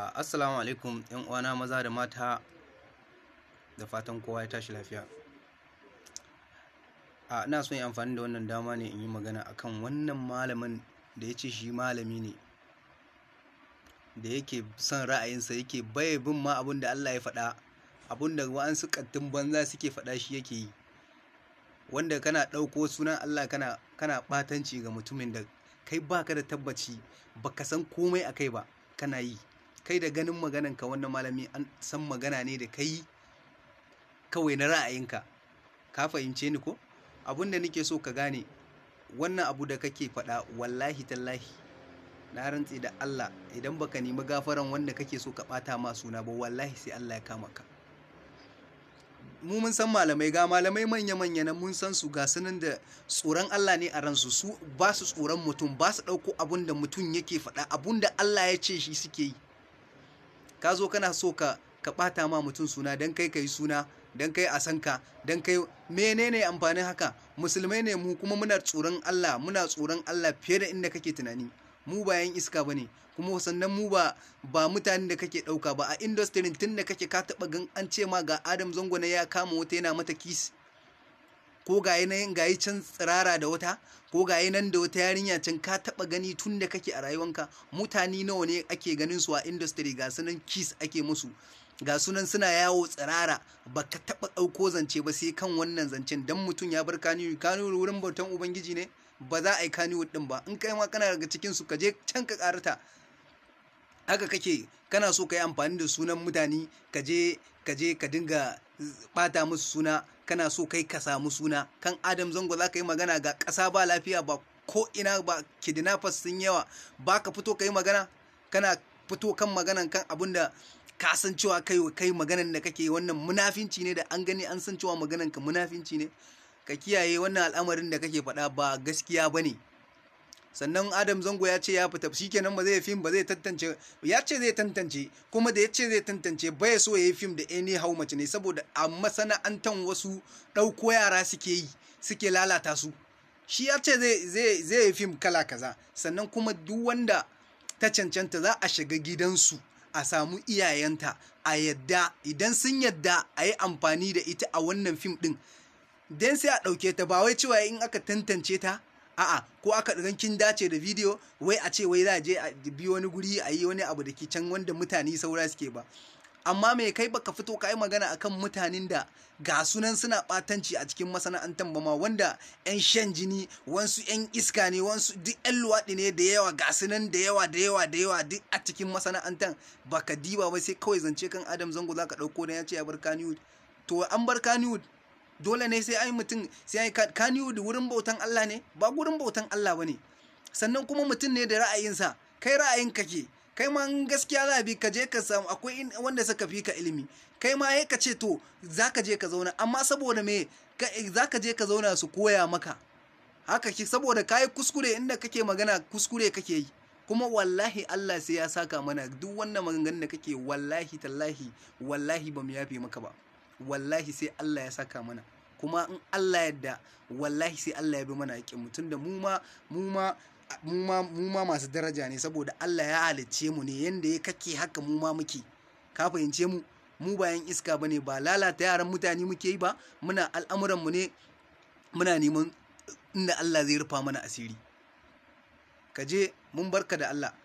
Uh, assalamu alaikum yan uwana maza da mata da fatan kowa ya tashi lafiya a uh, ina son yi amfani da wannan dama ne in yi magana akan wannan malamin da ya ce shi malami ne da yake son ra'ayinsa yake bai bin ma abin da Allah ya faɗa abin da wa'ansu kattun banza suke faɗa shi yake yi wanda kana ɗauko sunan Allah kana kana ɓatanci ga mutumin da kai baka da tabbaci baka san komai a kai ba kana yi kai da ganin maganan ka wannan malami an san magana ne da kai kawai na ra'ayinka ka fahimce ni ko abin da nake so ka gane wannan abu da kake faɗa wallahi tallahi na rantse da Allah idan baka nemi gafaran wanda kake so ka bata ma suna ba wallahi sai Allah ya kama ka mu mun san malamai ga malamai manya-manya na mun san su ga sunan da tsoron Allah ne a ransu su ba su tsoron mutum ba su ɗauko abun da mutum yake faɗa abun da Allah ya ce shi suke yi ka zo kana so ka ka bata ma mutum suna dan kai kai suna dan kai a san dan kai menene amfanin haka musulmai ne mu kuma muna tsoron Allah muna tsoron Allah fiye da inda kake tunani mu ba yan iska bane kuma sannan mu ba ba mutanen da kake dauka ba a industry tun da kake ka taba gan an ce ma ga Adam Zango ne ya kama wata yana mata kiss ko ga yanayin ga can tsirara da wata ko ga nan da wata yarinya can ka taba gani tun da kake a rayuwanka mutane nawa ne ake ganin su a industry ga sunan kiss ake musu ga sunan suna yawo tsirara baka taba ɗauko zance ba sai kan wannan zancen dan mutum ya bar kani kaniyu wurin bautan ubangiji ne ba za a yi kaniyu din ba in kai ma kana daga cikin su kaje can ka karata haka kake kana so ka yi amfani da sunan mutane ka je ka je ka dinga bata musu suna kana so kai ka samu suna kan adam zango za ka yi magana ga ƙasa ba lafiya ba ko ina ba kidnappers sun yawa ba ka fito ka yi magana kana fito kan maganan kan abin da ka san cewa kai kai maganan da kake wannan munafinci ne da an gani an san cewa maganan ka munafinci ne ka kiyaye wannan al'amarin da kake faɗa ba gaskiya bane sannan adam zango ya ce ya fita shikenan ba zai fim ba zai tantance ya ce zai tantance kuma da ya ce zai tantance bai so ya yi fim da any how mace ne saboda a masana'antan wasu ɗauko yara suke yi suke lalata su shi ya ce zai yi fim kala kaza sannan kuma duk wanda ta cancanta za a shiga gidansu a samu iyayenta a yadda idan sun yadda a yi amfani da ita a wannan fim ɗin dan sai a ɗauke ta ba wai cewa in aka tantance ta a'a ko aka ɗan kin dace da bidiyo wai a ce wai za je a bi wani guri a yi wani abu da ke can wanda mutane saura suke ba amma me kai baka fito ka yi magana akan mutanen da ga sunan suna batanci a cikin masana'antar ba ma wanda yan shan jini wansu yan iska ne wansu duk yan luwaɗi ne da yawa ga sunan da yawa da yawa da yawa duk a cikin masana'antar baka diba ba sai kawai zance kan adam zango zaka ɗauko da ya ce ya bar kaniwood to an bar kaniwood dole ne sai ai mutum sai ai wurin bautan Allah ne ba gurin bautan Allah bane sannan kuma mutum ne da ra'ayin sa kai ra'ayin kake kai ma gaskiya za bi ka je ka samu akwai wanda suka fi ka ilimi kai ma ka ce to za ka je ka zauna amma saboda me za je ka zauna su koya maka haka ki saboda kai kuskure inda kake magana kuskure kake yi kuma wallahi Allah sai ya saka mana duk wannan maganganun da kake wallahi tallahi wallahi ba mu yafe maka ba wallahi sai Allah ya saka mana kuma in Allah yadda wallahi sai Allah ya bi mana haƙƙin mutun da mu ma mu ma mu ma mu ma masu daraja ne saboda Allah ya halicce mu ne yanda ya kake haka mu ma muke ka fahimce mu mu bayan iska bane ba lalata yaran mutane muke yi ba muna al'amuran mu ne muna neman inda Allah zai rufa mana asiri ka je mun barka da Allah